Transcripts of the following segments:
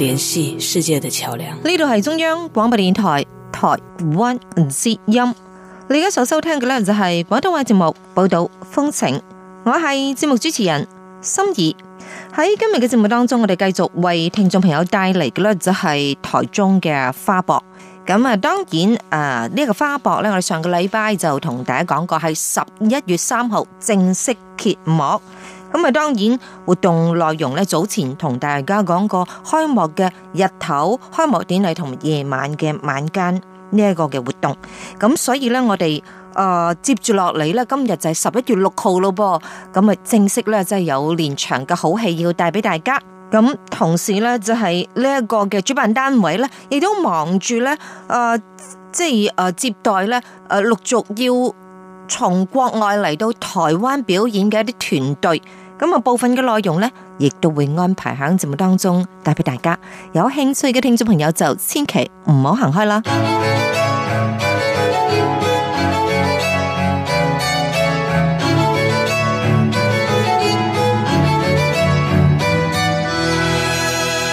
聯繫世界的橋梁。呢度係中央廣播電台台灣之音，你而家所收聽嘅呢，就係廣東話節目報道風情，我係節目主持人心儀。喺今日嘅節目當中，我哋繼續為聽眾朋友帶嚟嘅呢，就係台中嘅花博。咁啊，當然啊，呢、呃這個花博呢，我哋上個禮拜就同大家講過，係十一月三號正式揭幕。咁啊，當然活動內容咧，早前同大家講過開幕嘅日頭，開幕典禮同夜晚嘅晚間呢一、這個嘅活動。咁所以咧，我哋誒、呃、接住落嚟咧，今就日就係十一月六號咯噃。咁啊，正式咧，即係有連場嘅好戲要帶俾大家。咁同時咧，就係呢一個嘅主辦單位咧，亦都忙住咧，誒、呃，即係誒、呃、接待咧，誒，陸續要。從國外嚟到台灣表演嘅一啲團隊，咁啊，部分嘅內容呢，亦都會安排喺節目當中帶俾大家。有興趣嘅聽眾朋友就千祈唔好行開啦。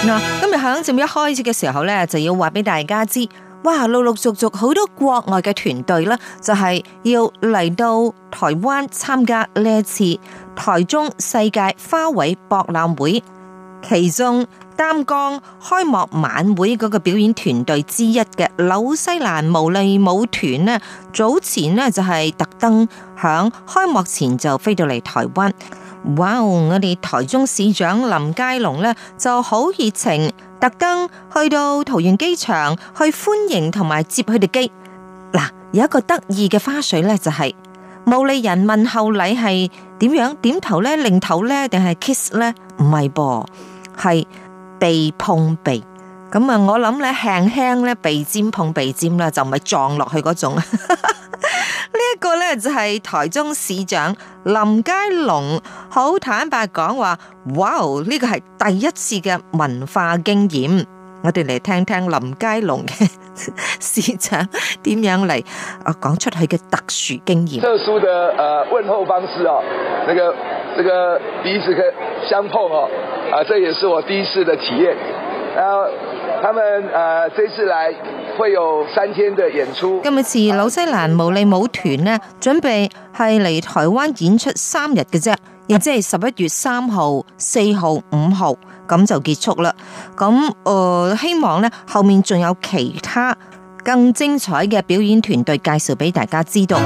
嗱，啊，今日響節目一開始嘅時候呢，就要話俾大家知。哇，陸陸續續好多國外嘅團隊咧，就係要嚟到台灣參加呢一次台中世界花卉博覽會。其中擔綱開幕晚會嗰個表演團隊之一嘅紐西蘭毛利舞團咧，早前咧就係特登響開幕前就飛到嚟台灣。哇、哦，我哋台中市長林佳龍咧就好熱情，特登去到桃園機場去歡迎同埋接佢哋機嗱，有一個得意嘅花絮咧，就係毛利人問候禮係點樣，點頭咧、擰頭咧定係 kiss 咧？唔係噃，係鼻碰鼻咁啊！我諗咧，輕輕咧鼻尖碰鼻尖啦，就唔係撞落去嗰種。咧就係台中市長林佳龍好坦白講話，哇呢個係第一次嘅文化經驗，我哋嚟聽聽林佳龍嘅市長點樣嚟啊講出去嘅特殊經驗。特殊的誒問候方式啊，呢個呢個第一次嘅相碰哦，啊，這也是我第一次嘅體驗啊。他們誒、呃，這次來會有三天的演出。今日是紐西蘭毛利舞團呢，準備係嚟台灣演出三日嘅啫，亦即係十一月三號、四號、五號咁就結束啦。咁誒、呃，希望呢後面仲有其他更精彩嘅表演團隊介紹俾大家知道。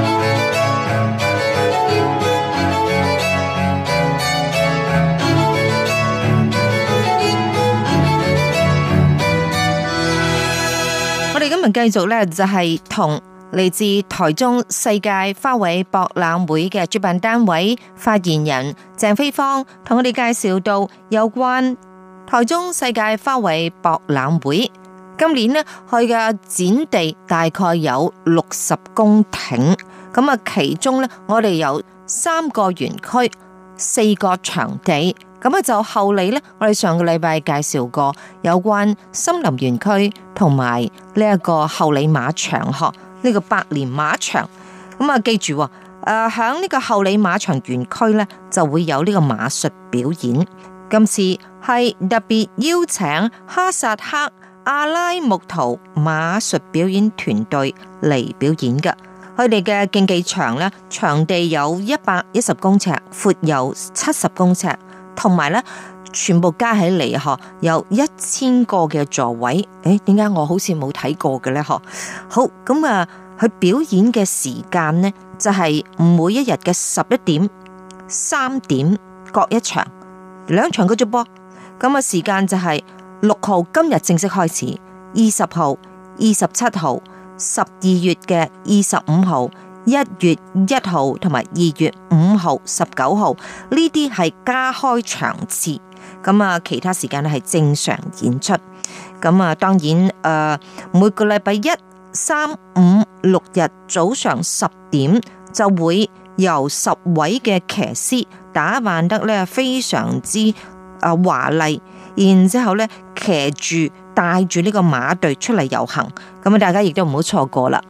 今日繼續咧，就係同嚟自台中世界花卉博覽會嘅主辦單位發言人鄭菲芳，同我哋介紹到有關台中世界花卉博覽會，今年呢，佢嘅展地大概有六十公頃，咁啊，其中咧我哋有三個園區，四個場地。咁啊，那就后里呢，我哋上個禮拜介紹過有關森林園區同埋呢個后里馬場學呢、這個百年馬場。咁啊，記住誒、哦，響呢個后里馬場園區呢，就會有呢個馬術表演。今次係特別邀請哈薩克阿拉木圖馬術表演團隊嚟表演嘅。佢哋嘅競技場呢，場地有一百一十公尺，闊有七十公尺。同埋咧，全部加起嚟嗬，有一千個嘅座位。誒、欸，點解我好似冇睇過嘅咧？嗬，好，咁啊，佢、呃、表演嘅時間咧，就係、是、每一日嘅十一點、三點各一場，兩場嘅啫啵。咁啊，時間就係六號今日正式開始，二十號、二十七號、十二月嘅二十五號。一月一號同埋二月五號、十九號呢啲係加開場次，咁啊其他時間咧係正常演出，咁啊當然誒、呃、每個禮拜一、三、五、六日早上十點就會由十位嘅騎師打扮得咧非常之啊華麗，然之後咧騎住。帶住呢個馬隊出嚟遊行，咁啊大家亦都唔好錯過啦。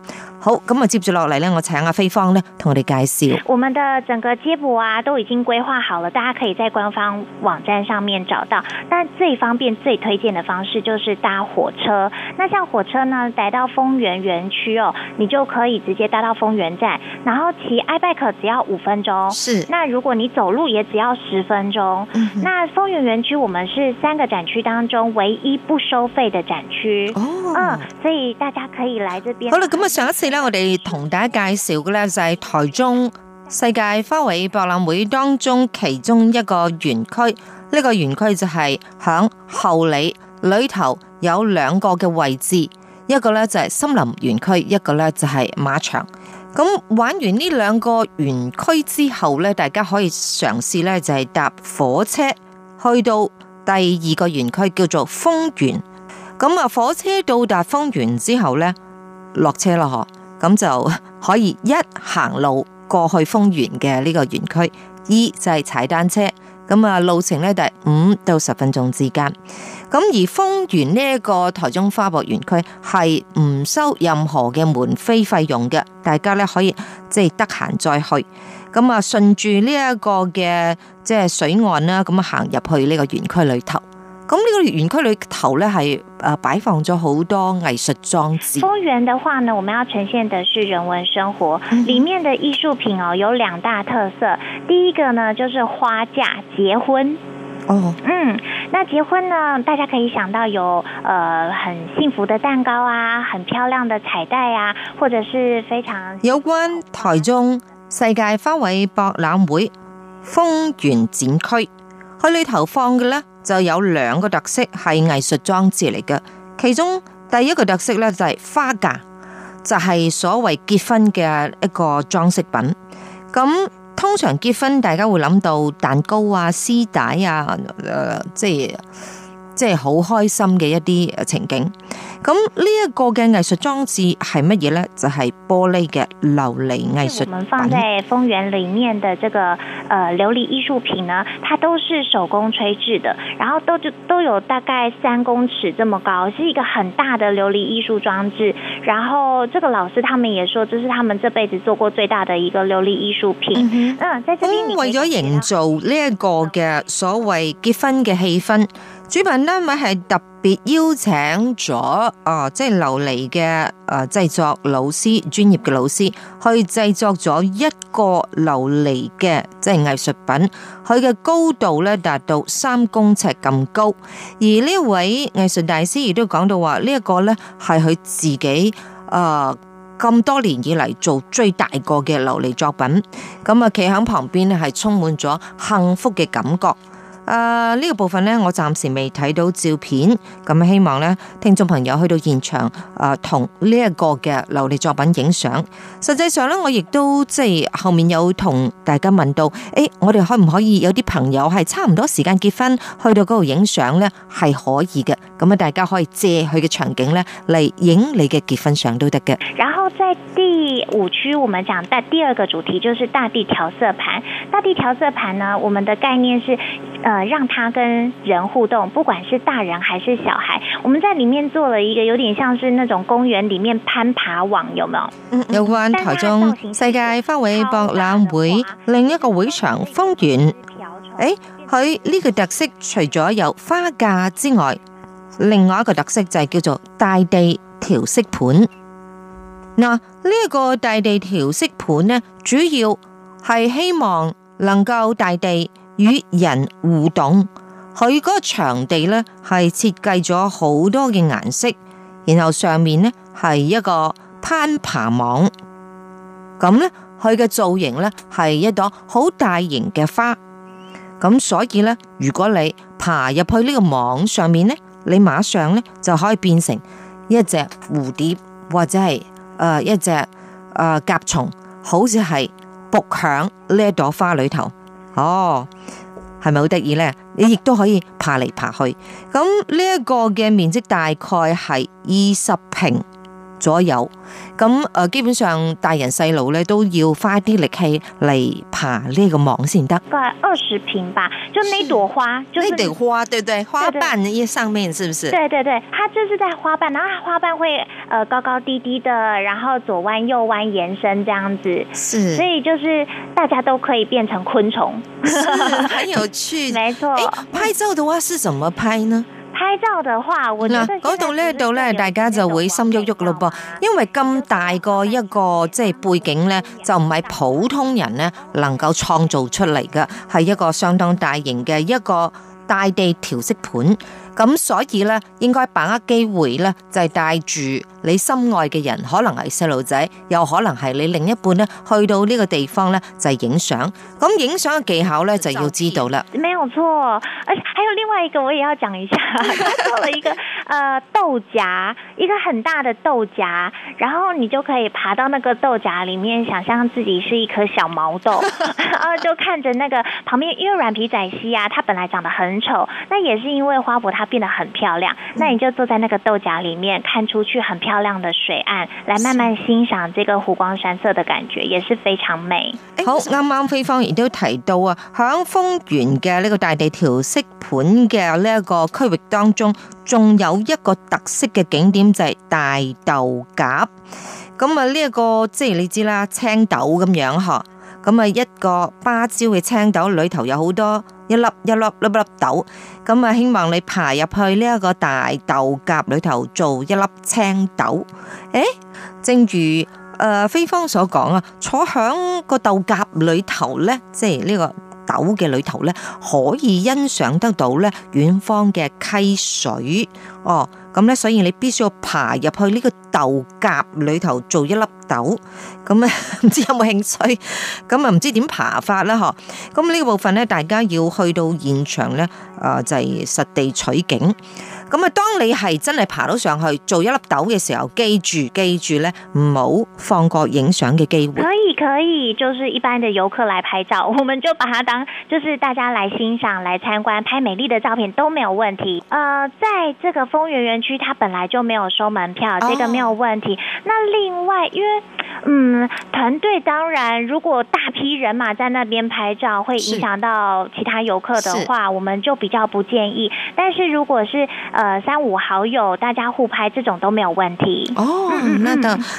好，咁啊接住落嚟呢，我請阿菲芳呢同我哋介紹。我們的整個接駁啊都已經規劃好了，大家可以在官方網站上面找到。但最方便、最推薦的方式就是搭火車。那像火車呢，來到豐原園區哦，你就可以直接搭到豐原站。然後騎 iBike 只要五分鐘，是。那如果你走路也只要十分鐘，嗯哼。那豐原園區我們是三個展區當中唯一不收費的展區，哦。嗯，所以大家可以來這邊。好啦，咁啊，上一次咧，我哋同大家介紹嘅咧就係台中世界花卉博覽會當中其中一個園區，呢、這個園區就係響后里裏頭有兩個嘅位置，一個咧就係森林園區，一個咧就係馬場。咁玩完呢兩個園區之後咧，大家可以嘗試咧就係搭火車去到第二個園區叫做豐原。咁啊，火車到達豐原之後咧，落車啦呵，咁就可以一行路過去豐原嘅呢個園區，二就係踩單車。咁啊，路程咧就係五到十分鐘之間。咁而豐原呢一個台中花博園區係唔收任何嘅門票費用嘅，大家咧可以即係得閒再去。咁啊，順住呢一個嘅即係水岸啦，咁啊行入去呢個園區裏頭。咁呢個園區裏頭呢係誒擺放咗好多藝術裝置。豐原的話呢，我們要呈現的是人文生活，mm hmm. 裏面的藝術品哦有兩大特色。第一個呢，就是花嫁。結婚。哦，oh. 嗯，那結婚呢，大家可以想到有誒、呃、很幸福的蛋糕啊，很漂亮的彩帶啊，或者是非常有關台中世界花卉博覽會豐原展區喺裏頭放嘅呢。就有兩個特色係藝術裝置嚟嘅，其中第一個特色咧就係花架，就係所謂結婚嘅一個裝飾品。咁通常結婚，大家會諗到蛋糕啊、絲帶啊，呃，即係即係好開心嘅一啲情景。咁呢一個嘅藝術裝置係乜嘢呢？就係、是、玻璃嘅琉璃藝術。我們放在豐原裏面嘅這個，呃，琉璃藝術品呢，它都是手工吹製的，然後都都有大概三公尺這麼高，是一個很大的琉璃藝術裝置。然後，這個老師他們也說，這是他們這輩子做過最大的一個琉璃藝術品。嗯，為咗營造呢一個嘅所謂結婚嘅氣氛，主辦單位係特別邀請咗啊，即係琉璃嘅啊製作老師，專業嘅老師去製作咗一個琉璃嘅即係藝術品，佢嘅高度咧達到三公尺咁高，而呢位藝術大師亦都講到話呢一個咧係佢自己啊咁多年以嚟做最大個嘅琉璃作品，咁啊企喺旁邊咧係充滿咗幸福嘅感覺。誒，呢、呃呢個部分呢，我暫時未睇到照片，咁希望呢，聽眾朋友去到現場誒，同呢一個嘅琉璃作品影相。實際上呢，我亦都即係後面有同大家問到，誒，我哋可唔可以有啲朋友係差唔多時間結婚，去到嗰度影相呢係可以嘅。咁啊，大家可以借佢嘅場景呢嚟，影你嘅結婚相都得嘅。然後在第五區，我們講嘅第二個主題就是大地調色盤。大地調色盤呢，我們的概念是，呃讓他跟人互動，不管是大人還是小孩，我們在裏面做了一個有點像是那種公園裏面攀爬網，有沒有？有關台中世界花卉博覽會另一個會場豐原，哎，佢呢個特色除咗有花架之外，另外一個特色就係叫做大地調色盤。那呢一個大地調色盤呢，主要係希望能夠大地。與人互動，佢嗰個場地咧係設計咗好多嘅顏色，然後上面咧係一個攀爬網，咁咧佢嘅造型咧係一朵好大型嘅花，咁所以咧如果你爬入去呢個網上面咧，你馬上咧就可以變成一隻蝴蝶或者係誒、呃、一隻誒、呃、甲蟲，好似係撲響呢一朵花裏頭。哦，係咪好得意呢？你亦都可以爬嚟爬去，咁呢一個嘅面積大概係二十平。左右咁，誒，基本上大人細路咧都要花啲力氣嚟爬呢個網先得。二十平吧，就那朵花，就是，那朵花對對？花瓣一上面是不是？對對對，它就是在花瓣，然後花瓣會誒高高低低的，然後左彎右彎延伸，這樣子。是，所以就是大家都可以變成昆蟲， 很有趣。沒錯，拍照的話是怎麼拍呢？拍照的話，嗱嗰度呢度咧大家就會心喐喐咯噃，因為咁大個一個即係背景咧，就唔係普通人咧能夠創造出嚟嘅，係一個相當大型嘅一個大地調色盤，咁所以咧，應該把握機會咧，就係帶住你心愛嘅人，可能係細路仔，又可能係你另一半咧，去到呢個地方咧，就係影相。咁影相嘅技巧咧，就要知道啦。沒有錯，而且還有另外一個，我也要講一下，佢做了一個，誒豆莢，一個很大的豆莢，然後你就可以爬到那個豆莢裏面，想象自己是一顆小毛豆，然後就看着那個旁邊，因為軟皮仔西啊，它本來長得很。醜，那也是因為花博它變得很漂亮。那你就坐在那個豆莢裏面，看出去很漂亮的水岸，來慢慢欣賞這個湖光山色的感覺，也是非常美。欸、好，啱啱菲芳亦都提到啊，響豐原嘅呢個大地調色盤嘅呢一個區域當中，仲有一個特色嘅景點就係、是、大豆莢。咁啊、這個，呢一個即係你知啦，青豆咁樣呵。咁啊，一個芭蕉嘅青豆裏頭有好多一粒一粒粒粒豆，咁啊，希望你爬入去呢一個大豆莢裏頭做一粒青豆。誒，正如誒菲、呃、方所講啊，坐響個豆莢裏頭咧，即係呢個豆嘅裏頭咧，可以欣賞得到咧遠方嘅溪水哦。咁咧，所以你必須要爬入去呢個豆莢裏頭做一粒豆，咁咧唔知有冇興趣？咁啊，唔知點爬法啦嗬？咁呢個部分咧，大家要去到現場咧，誒、呃，就係、是、實地取景。咁啊！當你係真係爬到上去做一粒豆嘅時候，記住記住呢，唔好放過影相嘅機會。可以可以，就是一般的遊客來拍照，我們就把它當就是大家來欣賞、來參觀、拍美麗的照片都沒有問題。呃，在這個豐原園區，它本來就沒有收門票，哦、這個沒有問題。那另外，因為嗯，團隊當然如果大批人馬在那邊拍照，會影響到其他遊客的話，是我們就比較不建議。但是如果是，呃呃，三五好友，大家互拍，這種都沒有問題。哦，那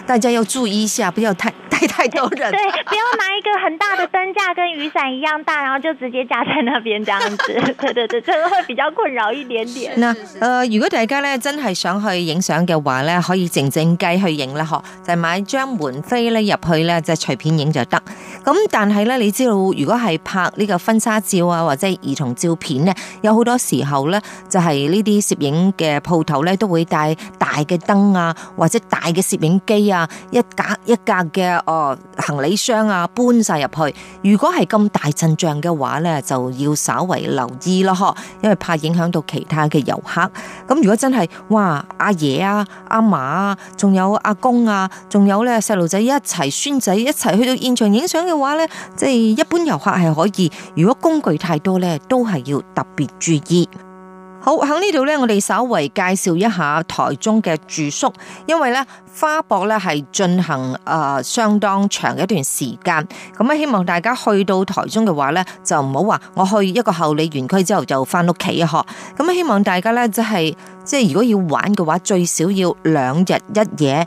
大家要注意一下，不要太太太多人。對，不要拿一個很大的燈架，跟雨傘一樣大，然後就直接架在那邊，這樣子。 對對對，這個會比較困擾一點點。嗱、呃，如果大家咧真係想去影相嘅話咧，可以靜靜雞去影啦，嗬，就買張門飛咧入去咧，就隨便影就得。咁但係咧，你知道如果係拍呢個婚紗照啊，或者係兒童照片咧，有好多時候咧，就係呢啲攝影。嘅鋪頭咧都會帶大嘅燈啊，或者大嘅攝影機啊，一格一格嘅哦、呃、行李箱啊，搬晒入去。如果係咁大陣仗嘅話咧，就要稍為留意咯，因為怕影響到其他嘅遊客。咁如果真係，哇，阿爺啊、阿嫲啊，仲、啊、有阿公啊，仲有咧細路仔一齊孫仔一齊去到現場影相嘅話咧，即、就、係、是、一般遊客係可以。如果工具太多咧，都係要特別注意。好，喺呢度咧，我哋稍微介紹一下台中嘅住宿，因為咧花博咧係進行誒相當長嘅一段時間，咁啊希望大家去到台中嘅話咧，就唔好話我去一個后里園區之後就翻屋企啊，嗬，咁啊希望大家咧即係即係如果要玩嘅話，最少要兩日一夜，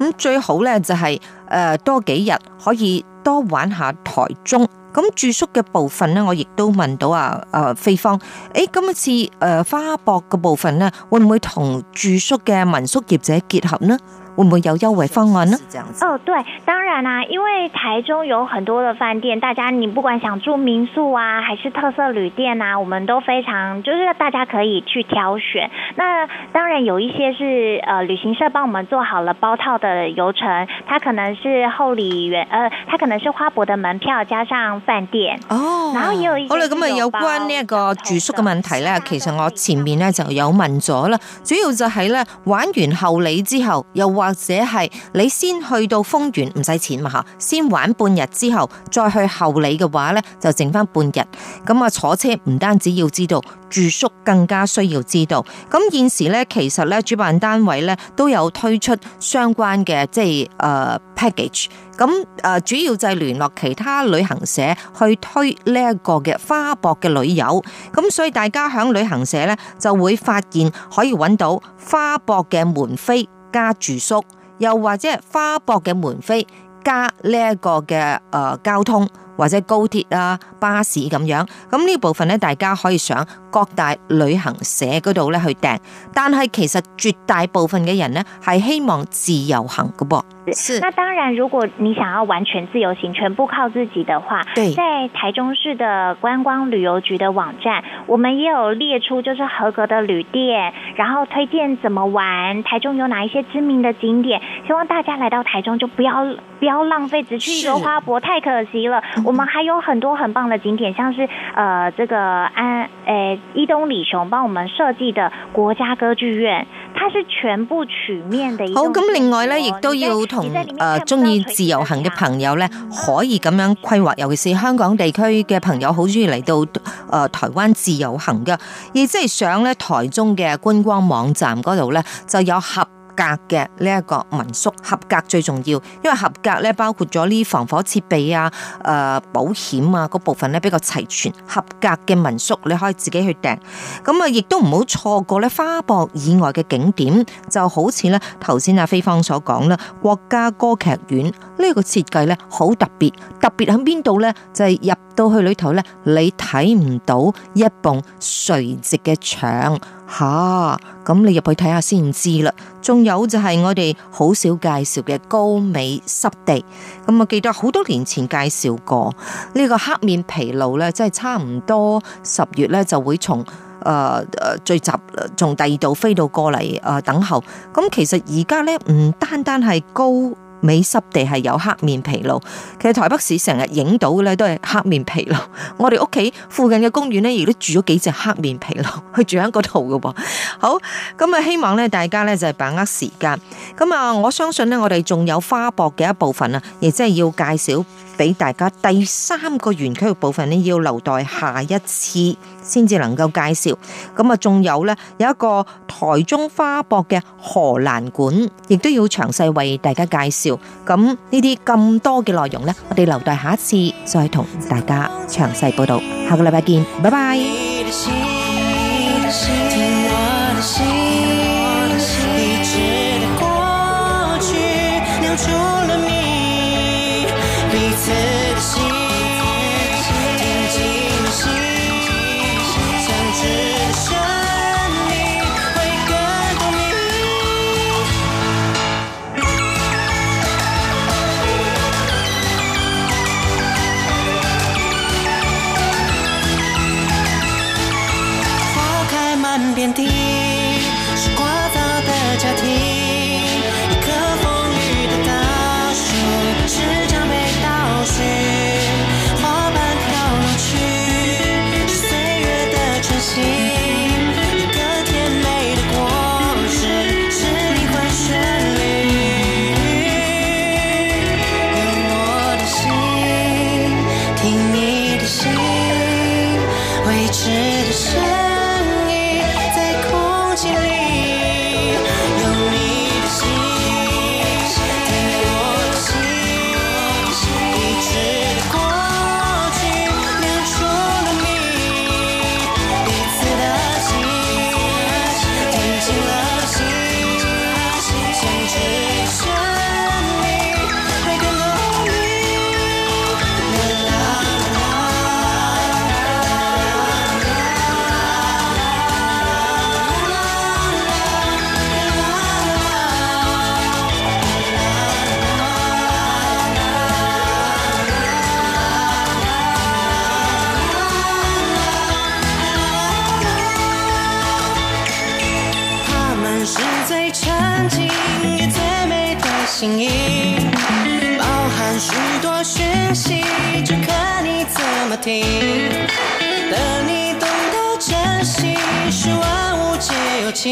咁最好咧就係誒多幾日可以多玩下台中。咁住宿嘅部分咧，我亦都問到啊，誒菲方誒，今次誒花博嘅部分呢，會唔會同住宿嘅民宿業者結合呢？會唔會有優惠方案呢？哦，oh，對，當然啦，啊，因為台中有很多的飯店，大家你不管想住民宿啊，還是特色旅店啊，我們都非常，就是大家可以去挑選。那當然有一些是，呃，旅行社幫我們做好了包套的遊程，它可能是后里園，呃，它可能是花博的門票加上飯店。哦，oh。然後也有一些好啦，咁啊，有關呢一個住宿嘅問題咧，啊、其實我前面咧就有問咗啦，主要就係咧玩完后里之後又或者係你先去到豐原唔使錢嘛，先玩半日，之後再去后里嘅話呢，就剩翻半日。咁啊，坐車唔單止要知道住宿，更加需要知道。咁現時呢，其實呢，主辦單位呢都有推出相關嘅即係誒、呃、package。咁誒、呃、主要就係聯絡其他旅行社去推呢一個嘅花博嘅旅遊。咁所以大家響旅行社呢，就會發現可以揾到花博嘅門飛。加住宿，又或者係花博嘅門飛，加呢、這、一個嘅誒、呃、交通。或者高鐵啊、巴士咁樣，咁呢部分呢，大家可以上各大旅行社嗰度呢去訂。但係其實絕大部分嘅人呢係希望自由行嘅噃。是。那當然，如果你想要完全自由行，全部靠自己的話，對在台中市的觀光旅遊局的網站，我們也有列出就是合格的旅店，然後推薦怎麼玩，台中有哪一些知名的景點，希望大家來到台中就不要。不要浪費，只去一個花博太可惜了。是我們還有很多很棒的景點，像是，呃，這個安，誒、欸，伊東李雄幫我們設計的國家歌劇院，它是全部曲面的一。好，咁另外呢，亦都要同，誒、呃，中意自由行嘅朋友呢，可以咁樣規劃。尤其是香港地區嘅朋友好中意嚟到，誒、呃，台灣自由行噶，亦即係上咧台中嘅觀光網站嗰度呢，就有合。合格嘅呢一個民宿合格最重要，因為合格咧包括咗呢防火設備啊、誒、呃、保險啊嗰部分咧比較齊全。合格嘅民宿你可以自己去訂，咁啊亦都唔好錯過咧花博以外嘅景點，就好似咧頭先阿菲芳所講啦，國家歌劇院呢個設計咧好特別，特別喺邊度咧就係、是、入。到去裏頭咧，你睇唔到一埲垂直嘅牆吓，咁、啊、你入去睇下先知啦。仲有就係我哋好少介紹嘅高美濕地，咁我記得好多年前介紹過呢、這個黑面琵鷺咧，即係差唔多十月咧就會從誒誒聚集，從第二度飛到過嚟誒、呃、等候。咁其實而家咧唔單單係高。美濕地係有黑面琵鷺。其實台北市成日影到嘅咧都係黑面琵鷺，我哋屋企附近嘅公園咧亦都住咗幾隻黑面琵鷺，佢住喺嗰度嘅。好，咁啊，希望咧大家咧就係把握時間，咁啊，我相信咧我哋仲有花博嘅一部分啊，亦即係要介紹。俾大家第三個園區嘅部分呢，要留待下一次先至能夠介紹。咁啊，仲有呢有一個台中花博嘅荷蘭館，亦都要詳細為大家介紹。咁呢啲咁多嘅內容呢，我哋留待下一次再同大家詳細報道。下個禮拜見，拜拜。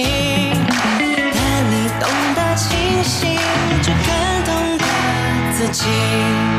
但你懂得清醒，就更懂得自己。